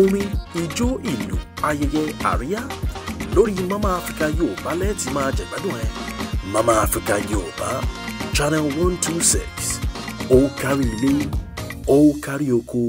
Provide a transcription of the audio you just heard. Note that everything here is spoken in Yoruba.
orin ijó ìlú ayẹyẹ àríyá lórí mama africa yorùbá lẹ́ẹ̀tì máa jẹ̀gbádùn ẹ̀ mama africa yorùbá channel one two six ó kárí ilé ó kárí oko.